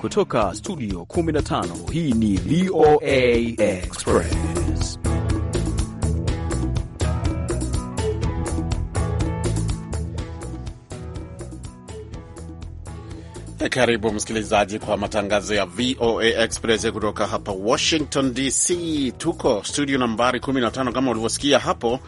Kutoka studio 15 hii ni VOA Express. Eh, karibu msikilizaji kwa matangazo ya VOA Express kutoka hapa Washington DC. Tuko studio nambari 15 kama ulivyosikia hapo,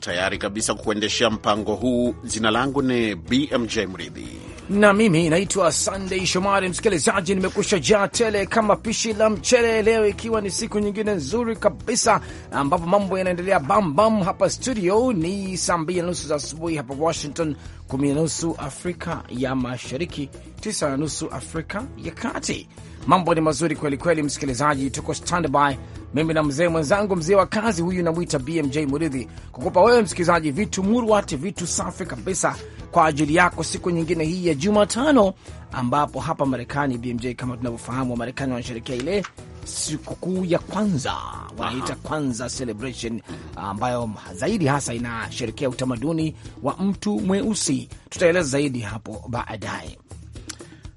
tayari kabisa kukuendeshea mpango huu. Jina langu ni BMJ Mridhi na mimi naitwa Sunday Shomari. Msikilizaji, nimekusha jaa tele kama pishi la mchele leo, ikiwa ni siku nyingine nzuri kabisa ambapo mambo yanaendelea bambam hapa studio. Ni saa mbili na nusu za asubuhi hapa Washington, kumi na nusu Afrika ya Mashariki, tisa na nusu Afrika ya Kati. Mambo ni mazuri kweli kweli, msikilizaji, tuko standby mimi na mzee mwenzangu, mzee wa kazi huyu namwita BMJ Muridhi, kukupa wewe msikilizaji vitu murwati, vitu safi kabisa kwa ajili yako siku nyingine hii ya Jumatano, ambapo hapa Marekani BMJ, kama tunavyofahamu, Wamarekani wanasherekea ile sikukuu ya kwanza wanaita kwanza celebration, ambayo zaidi hasa inasherekea utamaduni wa mtu mweusi. Tutaeleza zaidi hapo baadaye.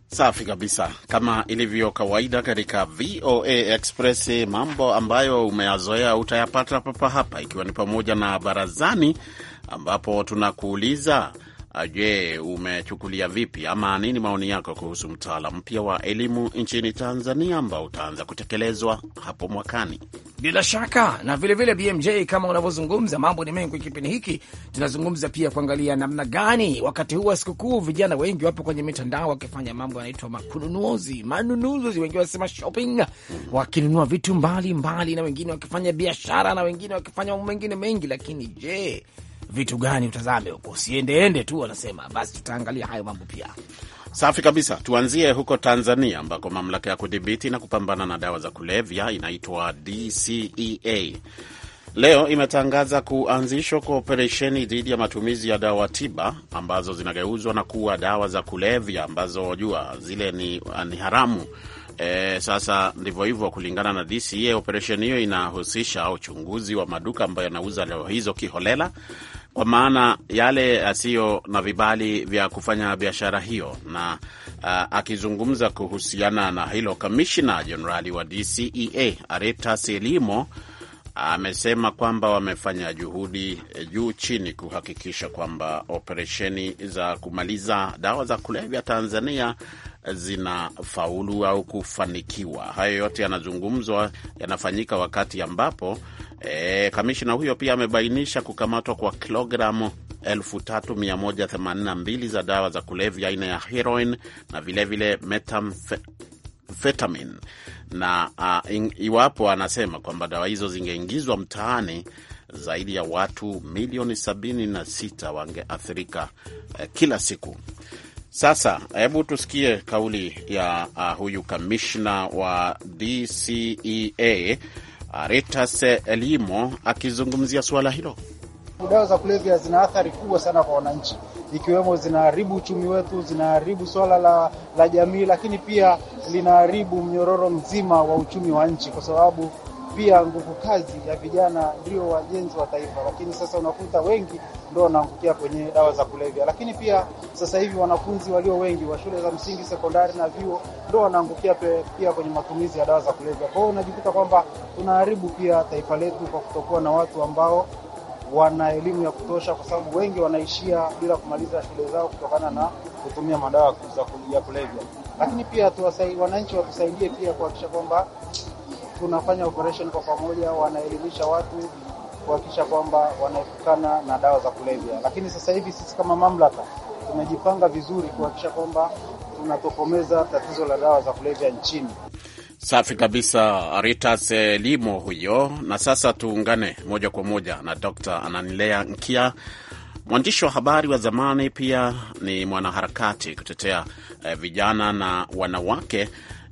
Safi kabisa, kama ilivyo kawaida katika VOA Express, mambo ambayo umeyazoea utayapata papa hapa, ikiwa ni pamoja na barazani, ambapo tunakuuliza Je, umechukulia vipi ama nini maoni yako kuhusu mtaala mpya wa elimu nchini Tanzania ambao utaanza kutekelezwa hapo mwakani? Bila shaka na vilevile vile BMJ, kama unavyozungumza, mambo ni mengi kwenye kipindi hiki. Tunazungumza pia kuangalia namna gani wakati huu wa sikukuu vijana wengi wapo kwenye mitandao wakifanya mambo yanaitwa makununuzi, manunuzi, wengi wanasema shopping, wakinunua vitu mbalimbali mbali, na wengine wakifanya biashara na wengine wakifanya mambo mengine mengi, lakini je vitu gani utazame huko, usiendeende tu, wanasema. Basi tutaangalia hayo mambo pia. Safi kabisa. Tuanzie huko Tanzania ambako mamlaka ya kudhibiti na kupambana na dawa za kulevya inaitwa DCEA leo imetangaza kuanzishwa kwa operesheni dhidi ya matumizi ya dawa tiba ambazo zinageuzwa na kuwa dawa za kulevya ambazo wajua zile ni, ni haramu. E, sasa ndivyo hivyo. Kulingana na DCA, e, operesheni hiyo inahusisha uchunguzi wa maduka ambayo yanauza dawa hizo kiholela kwa maana yale yasiyo na vibali vya kufanya biashara hiyo. Na uh, akizungumza kuhusiana na hilo, kamishna jenerali wa DCEA Areta Selimo amesema kwamba wamefanya juhudi eh, juu chini kuhakikisha kwamba operesheni za kumaliza dawa za kulevya Tanzania eh, zinafaulu au kufanikiwa. Hayo yote yanazungumzwa, yanafanyika wakati ambapo E, kamishina huyo pia amebainisha kukamatwa kwa kilogramu 3182 za dawa za kulevya aina ya heroin na vilevile metamfetamin na a, in, iwapo anasema kwamba dawa hizo zingeingizwa mtaani zaidi ya watu milioni 76 wangeathirika uh, kila siku. Sasa hebu tusikie kauli ya uh, huyu kamishna wa DCEA Aretas Elimo akizungumzia suala hilo. Dawa za kulevya zina athari kubwa sana kwa wananchi, ikiwemo zinaharibu uchumi wetu, zinaharibu swala la, la jamii, lakini pia linaharibu mnyororo mzima wa uchumi wa nchi kwa sababu pia nguvu kazi ya vijana ndio wajenzi wa taifa, lakini sasa unakuta wengi ndio wanaangukia kwenye dawa za kulevya. Lakini pia sasa hivi wanafunzi walio wengi wa shule za msingi, sekondari na vyuo ndio wanaangukia pia kwenye matumizi ya dawa za kulevya. Kwa hiyo unajikuta kwamba tunaharibu pia taifa letu kwa kutokuwa na watu ambao wana elimu ya kutosha, kwa sababu wengi wanaishia bila kumaliza shule zao kutokana na kutumia madawa ya kulevya. Lakini pia wananchi watusaidie pia kuhakikisha kwamba tunafanya operation kwa pamoja, wanaelimisha watu kuhakikisha kwamba wanaepukana na dawa za kulevya. Lakini sasa hivi sisi kama mamlaka tumejipanga vizuri kuhakikisha kwamba tunatokomeza tatizo la dawa za kulevya nchini. Safi kabisa, Ritas eh, Limo huyo. Na sasa tuungane moja kwa moja na Dr. Ananilea Nkia, mwandishi wa habari wa zamani, pia ni mwanaharakati kutetea eh, vijana na wanawake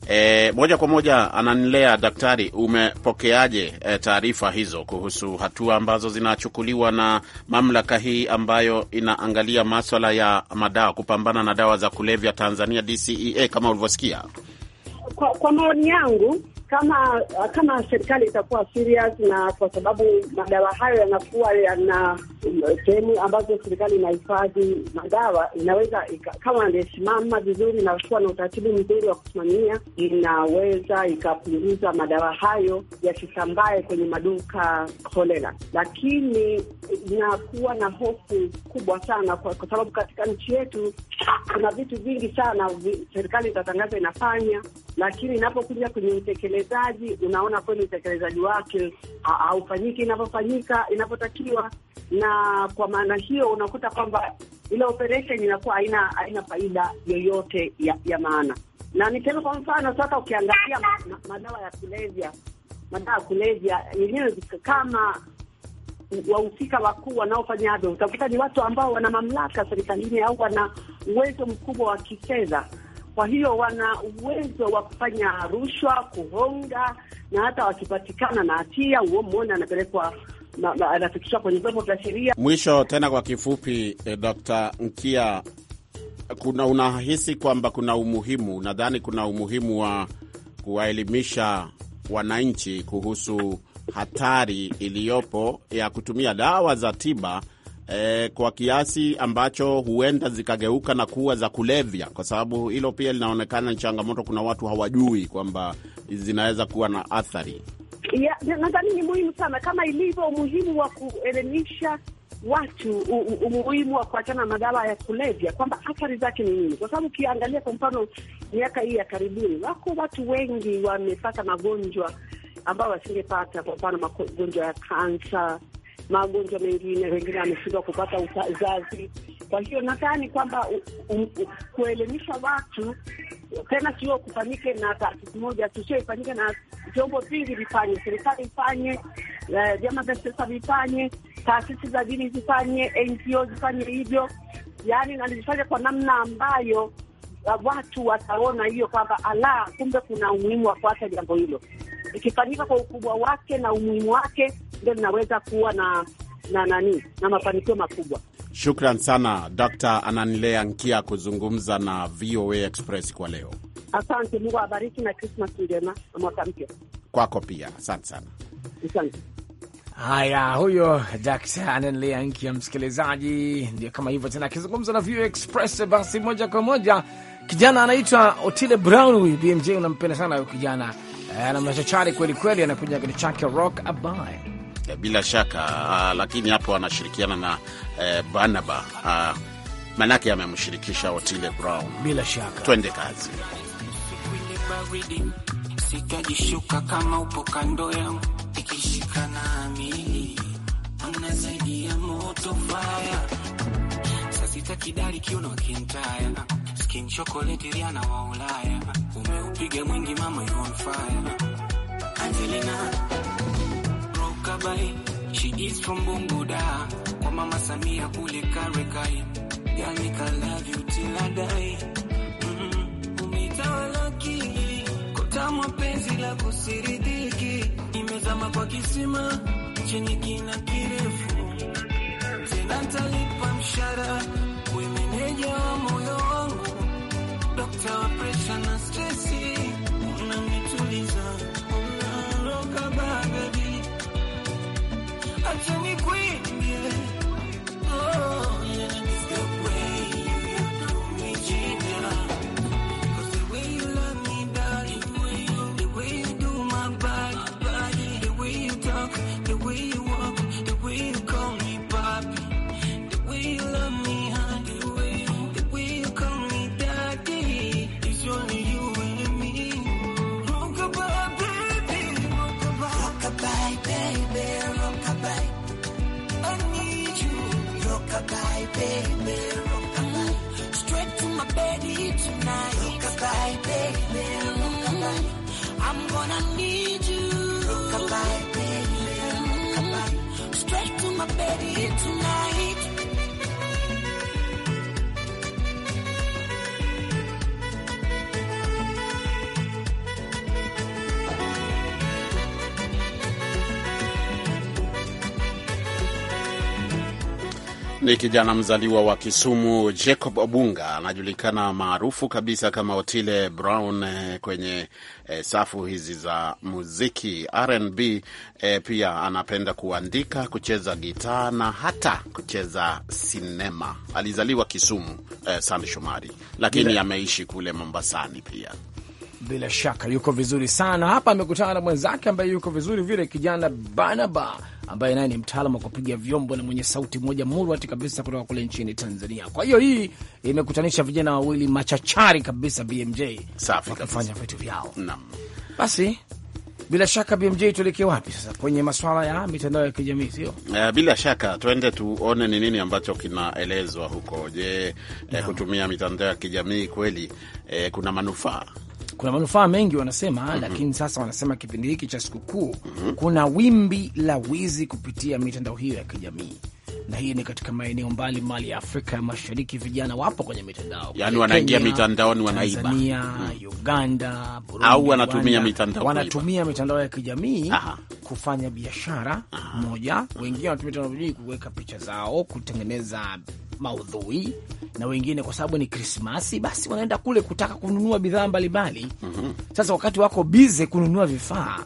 E, moja kwa moja ananilea daktari, umepokeaje e, taarifa hizo kuhusu hatua ambazo zinachukuliwa na mamlaka hii ambayo inaangalia maswala ya madawa, kupambana na dawa za kulevya Tanzania DCEA, kama ulivyosikia? Kwa, kwa maoni yangu kama kama serikali itakuwa serious na kwa sababu madawa hayo yanakuwa yana eh, sehemu ambazo serikali inahifadhi madawa, inaweza kama angesimama vizuri na kuwa na utaratibu mzuri wa kusimamia, inaweza ikapunguza madawa hayo yasisambae kwenye maduka holela, lakini inakuwa na hofu kubwa sana kwa, kwa sababu katika nchi yetu kuna vitu vingi sana serikali itatangaza inafanya, lakini inapokuja kwenye utekelezaji utekelezaji, unaona kweli utekelezaji wake haufanyiki inavyofanyika inavyotakiwa, na kwa maana hiyo unakuta kwamba ile operesheni inakuwa haina haina faida yoyote ya, ya maana. Na niseme kwa mfano sasa, ukiangalia madawa ya kulevya, madawa ya kulevya yenyewe kama wahusika wakuu wanaofanya hivyo utakuta ni watu ambao wana mamlaka serikalini au wana uwezo mkubwa wa kifedha kwa hiyo wana uwezo wa kufanya rushwa, kuhonga, na hata wakipatikana na hatia, uomona anapelekwa anafikishwa kwenye vyombo vya sheria. Mwisho tena kwa kifupi, eh, Dr. Nkia, kuna unahisi kwamba kuna umuhimu, nadhani kuna umuhimu wa kuwaelimisha wananchi kuhusu hatari iliyopo ya kutumia dawa za tiba eh, kwa kiasi ambacho huenda zikageuka na kuwa za kulevya, kwa sababu hilo pia linaonekana ni changamoto. Kuna watu hawajui kwamba zinaweza kuwa na athari. Nadhani ni muhimu sana, kama ilivyo umuhimu wa kuelimisha watu umuhimu wa kuachana na madawa ya kulevya, kwamba athari zake ni nini, kwa sababu ukiangalia kwa mfano miaka hii ya karibuni, wako watu wengi wamepata magonjwa ambayo wasingepata, kwa mfano magonjwa ya kansa magonjwa mengine, wengine wameshindwa kupata uzazi. Kwa hiyo nadhani kwamba kuelimisha watu tena sio kufanyike na taasisi moja tu, sio ifanyike na vyombo vingi vifanye, serikali ifanye, eh, vyama vya siasa vifanye, taasisi za dini zifanye, NGO zifanye hivyo, yaani nalizifanya kwa namna ambayo eh, watu wataona hiyo kwamba ala, kumbe kuna umuhimu wa kuacha jambo hilo. Ikifanyika kwa ukubwa wake na umuhimu wake, ndio linaweza kuwa na na nani na mafanikio makubwa. Shukran sana Dr. Ananilea Nkia kuzungumza na VOA Express kwa leo. Asante, Mungu abariki na Krismas njema na mwaka mpya kwako pia. Asante sana, asante. Haya, huyo Dr. Ananilea Nkia, msikilizaji, ndio kama hivyo tena akizungumza na VOA Express. Basi moja kwa moja, kijana anaitwa Otile Brown. Huyu BMJ unampenda sana huyo kijana, eh, ana machachari kweli kweli, anakuja kitu chake rock abye Eh, bila shaka uh, lakini hapo anashirikiana na uh, Barnaba uh, manake amemshirikisha Otile Brown. Bila shaka, twende kazi. Sitajishuka kama upo kando yangu, ikishika nami ana zaidi ya moto faya. Sasita kidari kiuno kintaya, skin chocolate riana wa Ulaya, umeupiga mwingi mama, you on fire Angelina Rabai, She is from Bunguda. Kwa mama Samia kule Karekai. I love you till I die. la kusiridiki. Imezama kwa kisima. Chini kina kirefu. You. ni kijana mzaliwa wa Kisumu, Jacob Obunga anajulikana maarufu kabisa kama Otile Brown eh, kwenye e, safu hizi za muziki RnB. E, eh, pia anapenda kuandika, kucheza gitaa na hata kucheza sinema. Alizaliwa Kisumu, e, Sande Shomari, lakini ameishi kule Mombasani pia bila shaka yuko vizuri sana hapa. Amekutana na mwenzake ambaye yuko vizuri vile, kijana Banaba ambaye naye ni mtaalamu wa kupiga vyombo na mwenye sauti moja murwati kabisa kutoka kule nchini Tanzania. Kwa hiyo hii imekutanisha vijana wawili machachari kabisa, BMJ wakifanya vitu vyao. Basi bila shaka BMJ, tuelekee wapi sasa? Kwenye maswala ya mitandao ya kijamii sio? Uh, bila shaka tuende tuone ni nini ambacho kinaelezwa huko. Je, eh, kutumia mitandao ya kijamii kweli eh, kuna manufaa kuna manufaa mengi wanasema, mm -hmm. Lakini sasa wanasema kipindi hiki cha sikukuu mm -hmm. kuna wimbi la wizi kupitia mitandao hiyo ya kijamii na hii ni katika maeneo mbalimbali ya Afrika ya Mashariki. Vijana wapo kwenye mitandao, yani wanaingia mitandaoni, wanaiba Tanzania, hmm. Uganda, Burundi, au wanatumia mitandao, wanatumia mitandao ya kijamii Aha. kufanya biashara moja, wengine wanatumia mitandao ya kuweka picha zao, kutengeneza maudhui na wengine, kwa sababu ni Krismasi, basi wanaenda kule kutaka kununua bidhaa mbalimbali. mm -hmm. Sasa wakati wako bize kununua vifaa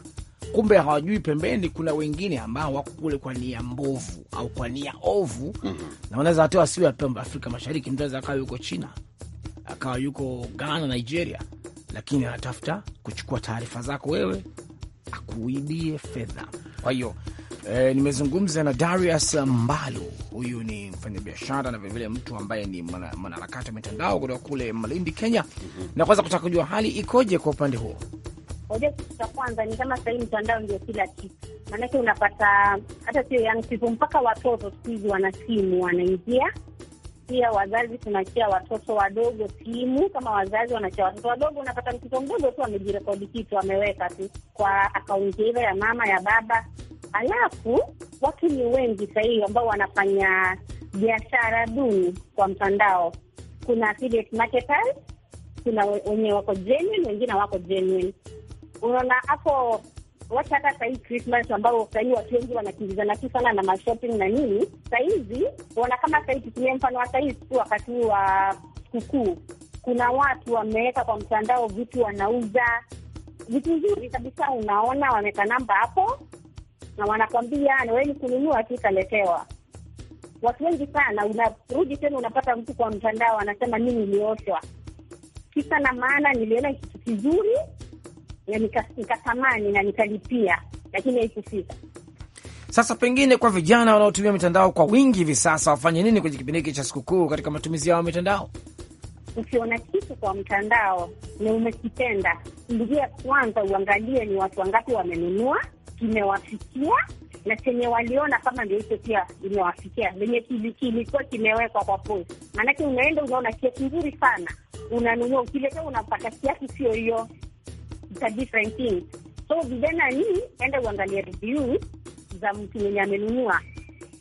kumbe hawajui pembeni kuna wengine ambao wako kule kwa nia mbovu au kwa nia ovu mm -hmm. na wanaweza hata wasiwe Afrika Mashariki, mtu anaweza akawa yuko China, akawa yuko Ghana, Nigeria, lakini anatafuta kuchukua taarifa zako wewe akuibie fedha. Kwa hiyo e, nimezungumza na Darius Mbalu, huyu ni mfanyabiashara na vilevile mtu ambaye ni mwanaharakati wa mitandao kutoka kule Malindi, Kenya mm -hmm. na kwanza kutaka kujua hali ikoje kwa upande huo. Wajua, kitu cha kwanza ni kama sahii mtandao ndio kila kitu, maanake unapata hata sio young people, mpaka watoto siku hizi wana simu wanaingia. Pia wazazi tunachia watoto wadogo simu, kama wazazi wanachia watoto wadogo, unapata mtoto mdogo tu amejirekodi kitu ameweka tu kwa akaunti ile ya mama ya baba. Alafu watu ni wengi sahii ambao wanafanya biashara duni kwa mtandao. Kuna affiliate marketers, kuna wenye wako genuine, wengine wako genuine unaona hapo, wacha hata sahii Christmas ambao sahii watu wengi wanakimbizana tu sana na mashopping na nini, sahizi unaona kama sahii, tutumia mfano wa sahii siku wakati huu wa sikukuu, kuna watu wameweka kwa mtandao vitu wanauza vitu nzuri kabisa, unaona wameka namba hapo na wanakwambia naweni kununua tu ikaletewa. Watu wengi sana, unarudi tena unapata mtu kwa mtandao anasema mimi nilioshwa, kisa na maana niliona kitu kizuri nikatamani nika na nikalipia, lakini haikufika. Sasa pengine kwa vijana wanaotumia mitandao kwa wingi hivi sasa wafanye nini kwenye kipindi hiki cha sikukuu katika matumizi yao ya mitandao? Ukiona kitu kwa mtandao na umekipenda, ingia kwanza uangalie ni watu wangapi wamenunua, kimewafikia na chenye waliona kama ndio hicho pia imewafikia, lenye kilikuwa kimewekwa kwa post. Maanake unaenda unaona kiasi nzuri sana, unanunua, ukiletea unapata kiasi sio hiyo it's a different thing. So vijana ni enda uangalie reviews za mtu mwenye amenunua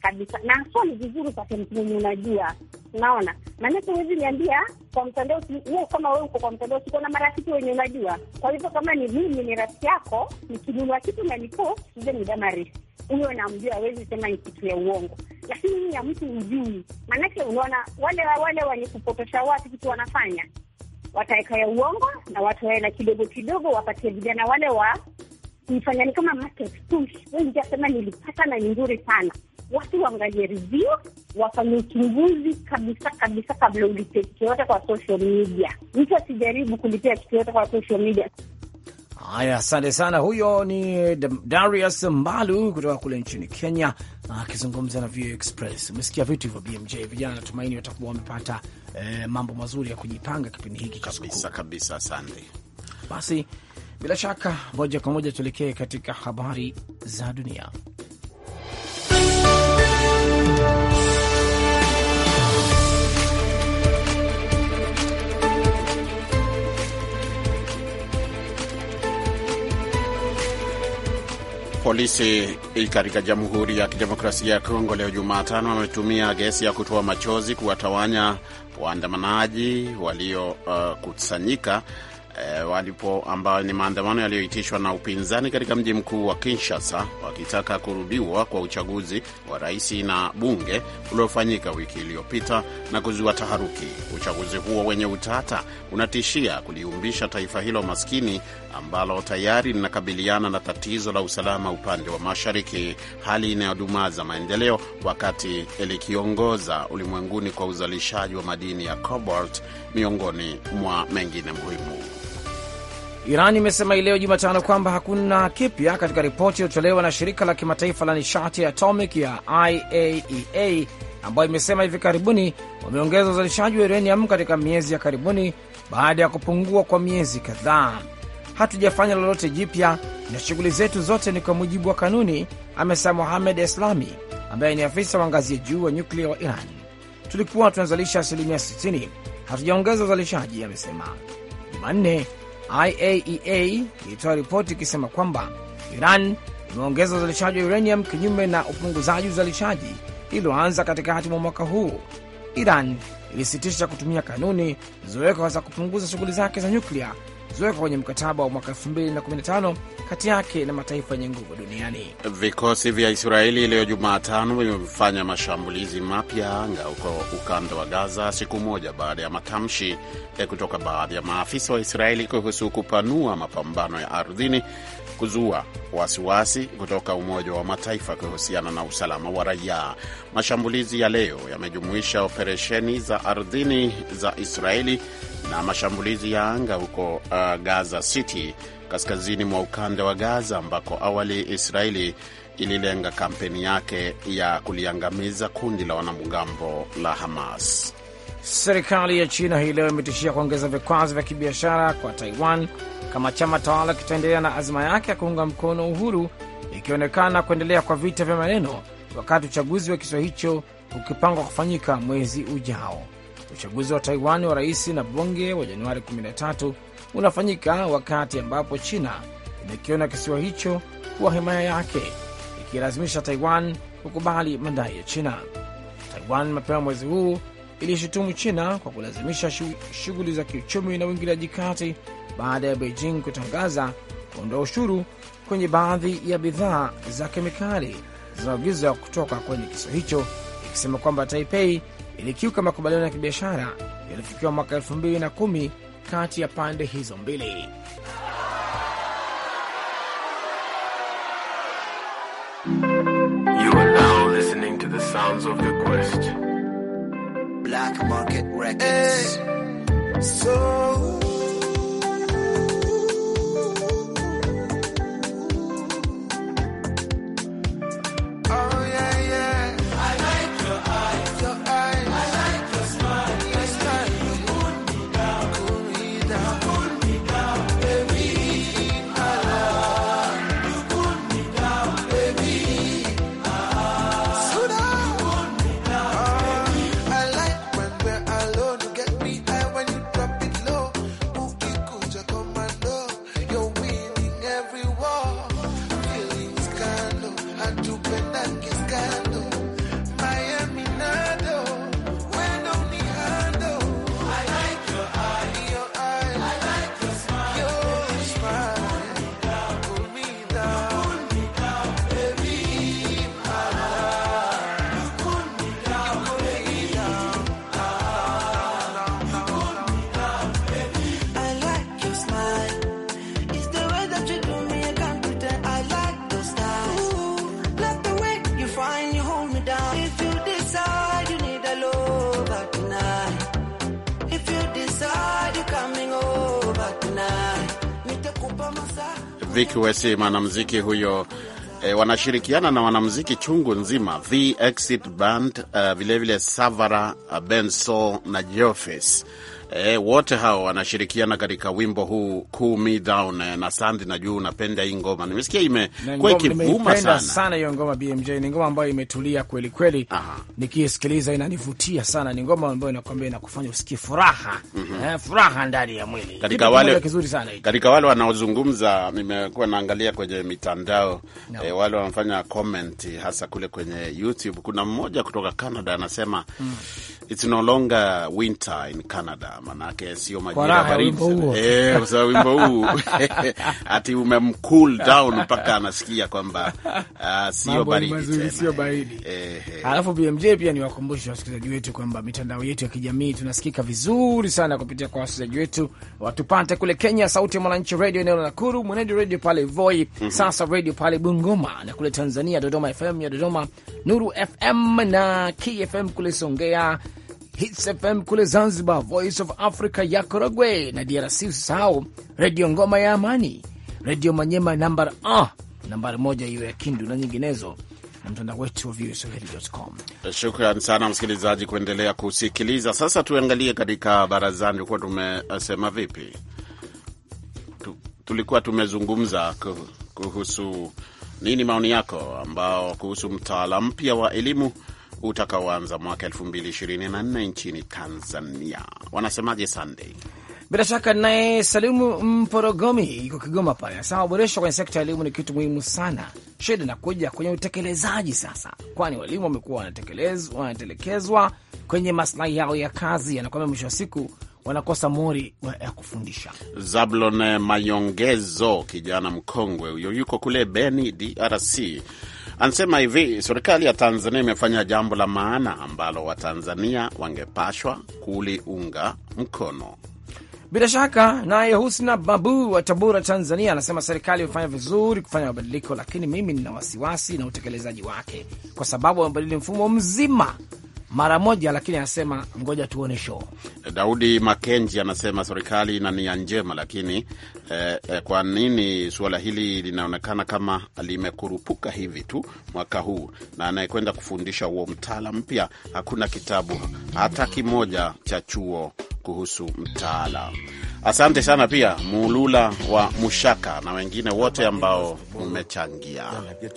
kabisa, na so ni vizuri upate mtu mwenye unajua, unaona maanake huwezi niambia kwa mtandao huo, kama we uko kwa mtandao siko na marafiki wenye unajua. Kwa hivyo kama ni mimi ni rafiki yako, nikinunua kitu na niko ize ni damari, huyo namjua, awezi sema ni kitu ya uongo, lakini hii ya mtu ujui. maanake unaona wale wale wenye kupotosha watu kitu wanafanya wataweka ya uongo na watu waena kidogo kidogo, wapatie vijana wale wa kuifanya ni kama market push. Wenijasema nilipata na ni nzuri sana. Watu waangalie review, wafanye uchunguzi kabisa kabisa kabla ulipia kitu yote kwa social media. Mtu asijaribu kulipia kitu yote kwa social media. Haya, asante sana. Huyo ni eh, Darius Mbalu kutoka kule nchini Kenya akizungumza na VOA Express. Umesikia vitu hivyo BMJ, vijana natumaini watakuwa wamepata eh, mambo mazuri ya kujipanga kipindi hiki kabisa kabisa. Asante basi, bila shaka moja kwa moja tuelekee katika habari za dunia. Polisi katika Jamhuri ya Kidemokrasia ya Kongo leo Jumatano wametumia gesi ya kutoa machozi kuwatawanya waandamanaji waliokusanyika uh, E, walipo ambayo ni maandamano yaliyoitishwa na upinzani katika mji mkuu wa Kinshasa wakitaka kurudiwa kwa uchaguzi wa rais na bunge uliofanyika wiki iliyopita na kuzua taharuki. Uchaguzi huo wenye utata unatishia kuliumbisha taifa hilo maskini ambalo tayari linakabiliana na tatizo la usalama upande wa mashariki, hali inayodumaza maendeleo, wakati likiongoza ulimwenguni kwa uzalishaji wa madini ya cobalt miongoni mwa mengine muhimu. Iran imesema hii leo Jumatano kwamba hakuna kipya katika ripoti iliyotolewa na shirika la kimataifa la nishati ya atomic ya IAEA e ambayo imesema hivi karibuni wameongeza uzalishaji wa uranium katika miezi ya karibuni baada ya kupungua kwa miezi kadhaa hatujafanya lolote jipya na shughuli zetu zote ni kwa mujibu wa kanuni, amesema Mohamed Eslami ambaye ni afisa wa ngazi ya juu wa nyuklia wa Iran. Tulikuwa tunazalisha asilimia 60, hatujaongeza uzalishaji, amesema. Jumanne, IAEA e ilitoa ripoti ikisema kwamba Iran imeongeza uzalishaji wa uranium kinyume na upunguzaji uzalishaji iliyoanza katikati mwa mwaka huu. Iran ilisitisha kutumia kanuni zilizowekwa za kupunguza shughuli zake za nyuklia ziliweka kwenye mkataba wa mwaka 2015 kati yake na mataifa yenye nguvu duniani. Vikosi vya Israeli leo Jumatano vimefanya mashambulizi mapya anga huko ukanda wa Gaza, siku moja baada ya matamshi kutoka baadhi ya maafisa wa Israeli kuhusu kupanua mapambano ya ardhini kuzua wasiwasi kutoka Umoja wa Mataifa kuhusiana na usalama wa raia. Mashambulizi ya leo yamejumuisha operesheni za ardhini za Israeli na mashambulizi ya anga huko uh, Gaza City, kaskazini mwa ukanda wa Gaza, ambako awali Israeli ililenga kampeni yake ya kuliangamiza kundi la wanamgambo la Hamas. Serikali ya China hii leo imetishia kuongeza vikwazo vya kibiashara kwa Taiwan kama chama tawala kitaendelea na azma yake ya kuunga mkono uhuru, ikionekana kuendelea kwa vita vya maneno wakati uchaguzi wa kisiwa hicho ukipangwa kufanyika mwezi ujao. Uchaguzi wa Taiwan wa rais na bunge wa Januari 13 unafanyika wakati ambapo China imekiona kisiwa hicho kuwa himaya yake, ikilazimisha Taiwan kukubali madai ya China. Taiwan mapema mwezi huu ilishutumu China kwa kulazimisha shughuli za kiuchumi na uingiliaji kati baada ya Beijing kutangaza kuondoa ushuru kwenye baadhi ya bidhaa za kemikali zinazoagizwa kutoka kwenye kisiwa hicho, ikisema kwamba Taipei ilikiuka makubaliano ya kibiashara yaliyofikiwa mwaka 2010 kati ya pande hizo mbili. You are now listening to the sounds of the Black Market Records. Hey. So Vicky Wesi, huyo e, wanashirikiana na wanamziki chungu nzima The Exit Band, uh, vilevile Savara, uh, Benso na Jofes E, wote hao wanashirikiana katika wimbo huu Cool Me Down. Eh, na Sandi, najua unapenda hii ngoma, nimesikia imekuwa ikivuma sana sana. Hiyo ngoma BMJ ni ngoma ambayo imetulia kweli kweli, nikiisikiliza inanivutia sana. Ni ngoma ambayo inakwambia inakufanya usikie furaha mm -hmm. Eh, furaha ndani ya mwili katika wale, katika wale wanaozungumza, nimekuwa naangalia kwenye mitandao no. E, wale wanafanya comment hasa kule kwenye YouTube. Kuna mmoja kutoka Canada anasema mm. It's no longer winter in Canada manake sio majira baridi, eh, kwa sababu wimbo huu ati umemcool down mpaka anasikia kwamba ah, sio baridi, sio baridi. Alafu BMJ pia ni niwakumbushe wasikilizaji wetu kwamba mitandao yetu ya kijamii tunasikika vizuri sana kupitia kwa wasikilizaji wetu, watupate kule Kenya, Sauti ya Mwananchi Radio eneo la Nakuru, Mwenedu Radio pale Voi, mhm. Sasa Radio pale Bungoma, na kule Tanzania Dodoma FM ya Dodoma, Nuru FM na KFM kule Songea Hits FM kule Zanzibar, Voice of Africa ya Korogwe na DRC. Usisahau Redio Ngoma ya Amani, Redio Manyema namba ah, nambari moja hiyo ya Kindu na nyinginezo na mtandao wetu wa voaswahili.com. Shukran sana msikilizaji kuendelea kusikiliza. Sasa tuangalie katika barazani, ulikuwa tumesema vipi? Tulikuwa tumezungumza kuhusu nini, maoni yako ambao kuhusu mtaala mpya wa elimu utakaoanza mwaka 2024 nchini Tanzania. Wanasemaje Sunday? Bila shaka naye Salimu Mporogomi iko Kigoma pale, anasema maboresho kwenye sekta ya elimu ni kitu muhimu sana. Shida inakuja kwenye utekelezaji sasa, kwani walimu wamekuwa wanatelekezwa kwenye maslahi yao ya kazi, yanakwambia mwisho wa siku wanakosa mori ya kufundisha. Zablon Mayongezo, kijana mkongwe huyo, yuko kule Beni, DRC Anasema hivi, serikali ya Tanzania imefanya jambo la maana ambalo Watanzania wangepashwa kuliunga mkono. Bila shaka naye Husna Babu wa Tabora, Tanzania, anasema serikali imefanya vizuri kufanya mabadiliko, lakini mimi nina wasiwasi na utekelezaji wake, kwa sababu wamebadili mfumo mzima mara moja, lakini anasema ngoja tuone show. Daudi Makenji anasema serikali ina nia njema, lakini eh, eh, kwa nini suala hili linaonekana kama limekurupuka hivi tu mwaka huu? Na anayekwenda kufundisha huo mtaala mpya hakuna kitabu hata kimoja cha chuo kuhusu mtaala. Asante sana pia Muulula wa Mushaka na wengine wote ambao mmechangia.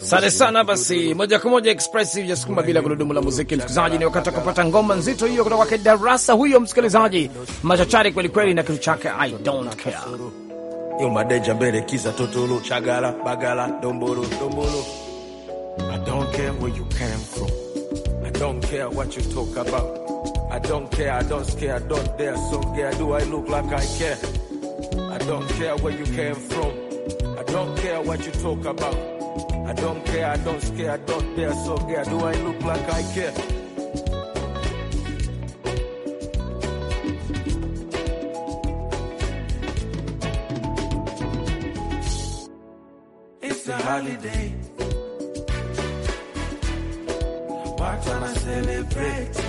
Asante sana. Basi moja kwa moja Express ujasukuma bila gurudumu la muziki, msikilizaji. Ni wakati wa kupata ngoma nzito hiyo kutoka kwake Darasa huyo msikilizaji, machachari kwelikweli na kitu chake I don't care yo mbele totolo chagala bagala dombolo dombolo I don't care where you came from I don't care what you talk about I don't care, I don't care, I don't dare. So care, do I look like I care? I don't care where you came from. I don't care what you talk about. I don't care, I don't care, I don't dare. So care, do I look like I care? It's a holiday. Why can't I celebrate?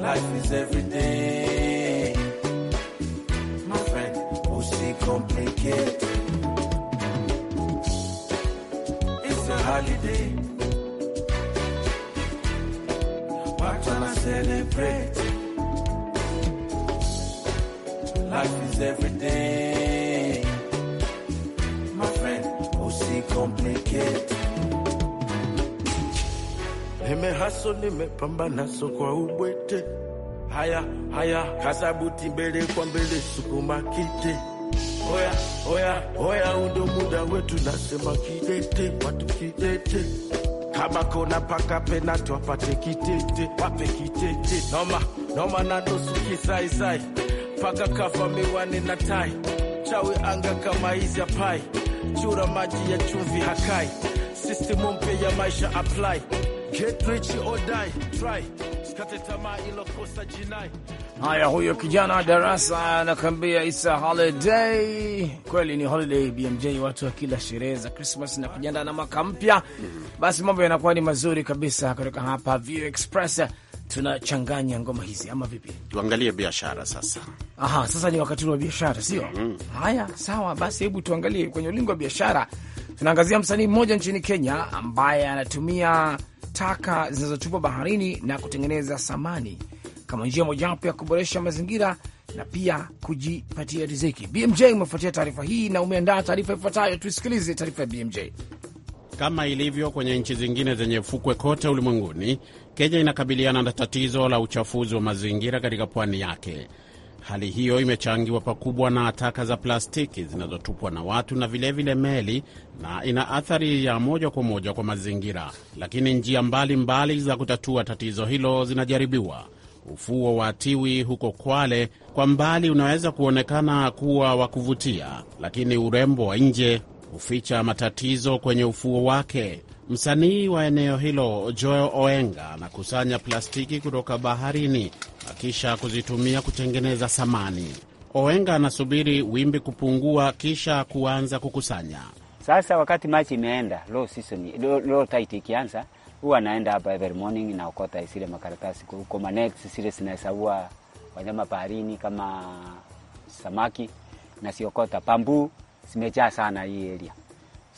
Life is everything. My friend, pussy complicated. It's a holiday. What can I celebrate? Life is everything. My friend, pussy complicated. Nimehaso, nimepambana so kwa ubwete. Haya haya, kasabuti mbele kwa mbele, sukuma kite. Oya oya oya, undo muda wetu, nasema kidete, watu kidete kama kona paka penatu apate kitete, wape kitete noma noma na nusu kisaisai paka kafa miwani na tai chawi anga kama hizi apai chura maji ya chumvi hakai, system mpya ya maisha apply Get rich or die, try. Haya, huyo kijana darasa anakwambia isa holiday. Kweli ni holiday BMJ, watu wa kila sherehe za Christmas na kujiandaa na mwaka mpya, basi mambo yanakuwa ni mazuri kabisa. Kutoka hapa View Express tunachanganya ngoma hizi ama vipi? Tuangalie biashara sasa. Aha, sasa ni wakati wa biashara, sio? Mm -hmm. Haya, sawa basi, hebu tuangalie kwenye ulingo wa biashara. Tunaangazia msanii mmoja nchini Kenya ambaye anatumia taka zinazotupwa baharini na kutengeneza samani kama njia mojawapo ya kuboresha mazingira na pia kujipatia riziki. BMJ umefuatia taarifa hii na umeandaa taarifa ifuatayo, tuisikilize taarifa ya BMJ. Kama ilivyo kwenye nchi zingine zenye fukwe kote ulimwenguni, Kenya inakabiliana na tatizo la uchafuzi wa mazingira katika pwani yake. Hali hiyo imechangiwa pakubwa na taka za plastiki zinazotupwa na watu na vilevile vile meli, na ina athari ya moja kwa moja kwa mazingira. Lakini njia mbalimbali mbali za kutatua tatizo hilo zinajaribiwa. Ufuo wa Tiwi huko Kwale kwa mbali unaweza kuonekana kuwa wa kuvutia, lakini urembo wa nje huficha matatizo kwenye ufuo wake. Msanii wa eneo hilo Joel Oenga anakusanya plastiki kutoka baharini na kisha kuzitumia kutengeneza samani. Oenga anasubiri wimbi kupungua kisha kuanza kukusanya. Sasa wakati machi imeenda low season, low, tide ikianza, huwa anaenda hapa every morning naokota zile makaratasi huko manex zile wanyama baharini kama samaki, na siokota pambu zimejaa sana hii area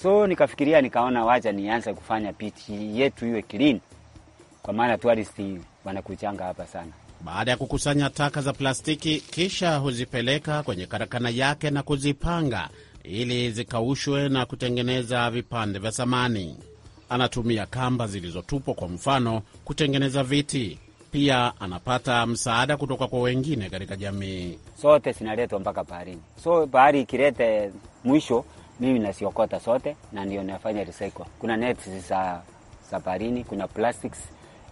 So nikafikiria nikaona, wacha nianze kufanya pichi yetu iwe clean, kwa maana tourist wanakuchanga hapa sana. Baada ya kukusanya taka za plastiki, kisha huzipeleka kwenye karakana yake na kuzipanga ili zikaushwe na kutengeneza vipande vya samani. Anatumia kamba zilizotupwa kwa mfano kutengeneza viti. Pia anapata msaada kutoka kwa wengine katika jamii. Sote zinaletwa mpaka baharini, so bahari ikilete mwisho mimi nasiokota sote na ndio nafanya recycle. Kuna nets za safarini, kuna plastics,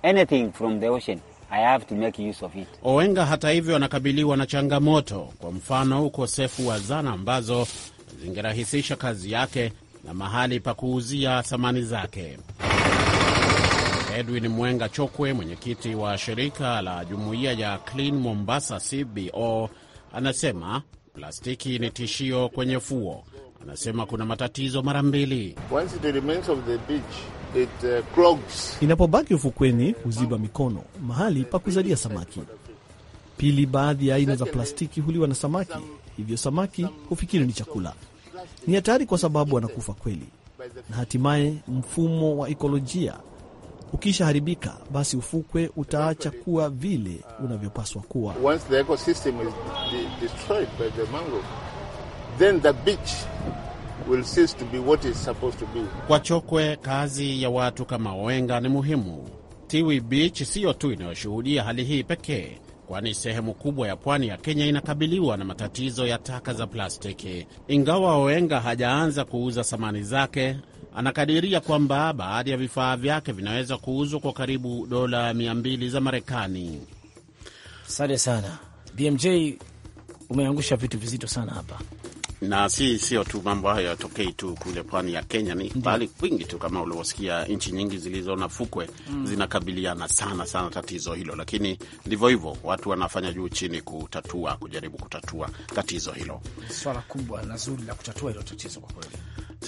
anything from the ocean I have to make use of it. Owenga hata hivyo anakabiliwa na changamoto, kwa mfano ukosefu wa zana ambazo zingerahisisha kazi yake na mahali pa kuuzia thamani zake. Edwin Mwenga Chokwe, mwenyekiti wa shirika la jumuiya ya Clean Mombasa CBO, anasema plastiki ni tishio kwenye fuo anasema kuna matatizo mara mbili. Uh, inapobaki ufukweni huziba mikono, mahali pa kuzalia samaki. Pili, baadhi ya aina za plastiki huliwa na samaki, hivyo samaki hufikiri ni chakula. Ni hatari kwa sababu wanakufa kweli, na hatimaye mfumo wa ikolojia ukishaharibika, basi ufukwe utaacha kuwa vile uh, unavyopaswa kuwa. Once the then the beach will cease to be what it's supposed to be. Kwa Chokwe, kazi ya watu kama Oenga ni muhimu. Tiwi Beach siyo tu inayoshuhudia hali hii pekee, kwani sehemu kubwa ya pwani ya Kenya inakabiliwa na matatizo ya taka za plastiki. Ingawa Oenga hajaanza kuuza samani zake, anakadiria kwamba baadhi ya vifaa vyake vinaweza kuuzwa kwa karibu dola 200 za Marekani. Asante sana BMJ, umeangusha vitu vizito sana hapa na si sio tu mambo hayo yatokei tu kule pwani ya Kenya, ni bali kwingi tu, kama ulivyosikia, nchi nyingi zilizo na fukwe mm, zinakabiliana sana sana tatizo hilo, lakini ndivyo hivyo, watu wanafanya juu chini kutatua, kujaribu kutatua tatizo hilo, swala kubwa na zuri la kutatua hilo tatizo kwa kweli.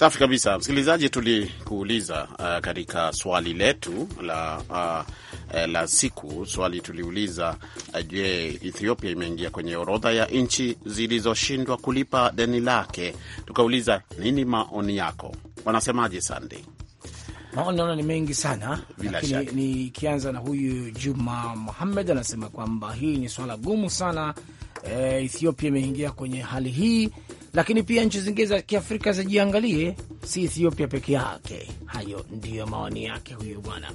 Safi kabisa, msikilizaji, tulikuuliza uh, katika swali letu la uh, eh, la siku. Swali tuliuliza uh, je, Ethiopia imeingia kwenye orodha ya nchi zilizoshindwa kulipa deni lake? Tukauliza nini maoni yako, wanasemaje? Sande, maoni naona ni mengi sana, lakini nikianza na huyu Juma Muhamed anasema kwamba hii ni swala gumu sana. E, Ethiopia imeingia kwenye hali hii lakini pia nchi zingine za Kiafrika zijiangalie, si Ethiopia peke yake. Hayo ndiyo maoni yake huyu bwana.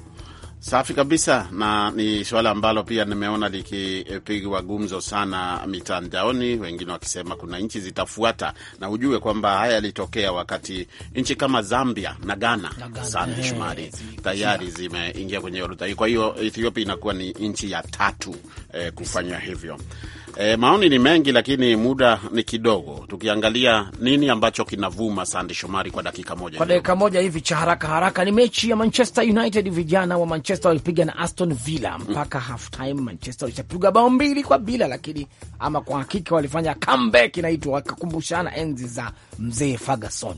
Safi kabisa, na ni suala ambalo pia nimeona likipigwa gumzo sana mitandaoni, wengine wakisema kuna nchi zitafuata, na ujue kwamba haya yalitokea wakati nchi kama Zambia na Ghana, Sande eh, Shomari, tayari zimeingia kwenye orodha hii. Kwa hiyo Ethiopia inakuwa ni nchi ya tatu eh, kufanya hivyo. E, maoni ni mengi lakini muda ni kidogo. Tukiangalia nini ambacho kinavuma, Sandi Shomari, kwa dakika moja, kwa dakika moja hivi cha haraka haraka, ni mechi ya Manchester United. Vijana wa Manchester walipiga na Aston Villa mm. mpaka mm, halftime Manchester walichapiga bao mbili kwa bila, lakini ama kwa hakika walifanya comeback inaitwa, wakakumbushana enzi za mzee Ferguson.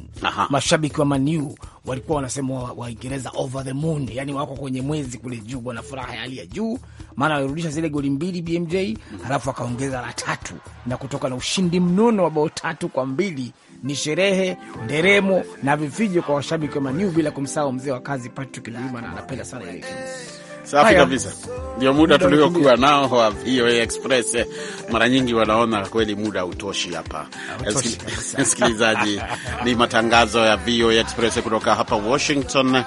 Mashabiki wa Manu walikuwa wanasema Waingereza over the moon, yani wako kwenye mwezi kule juu, bwana, furaha ya hali ya juu, maana walirudisha zile goli mbili BMJ, halafu akaongeza la tatu na kutoka na ushindi mnono wa bao tatu kwa mbili. Ni sherehe, nderemo na vifijo kwa washabiki wa Manu, bila kumsahau mzee wa kazi Patrick Luimana, anapenda sana ile Safi kabisa, ndio muda tuliokuwa nao wa VOA Express. Mara nyingi wanaona kweli muda hautoshi hapa, msikilizaji. Ni matangazo ya VOA Express kutoka hapa Washington.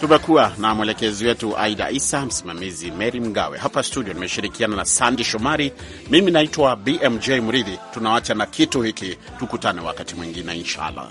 Tumekuwa na mwelekezi wetu Aida Isa, msimamizi Mary Mgawe. Hapa studio nimeshirikiana na Sandi Shomari, mimi naitwa BMJ Mridhi. Tunawacha na kitu hiki, tukutane wakati mwingine inshallah.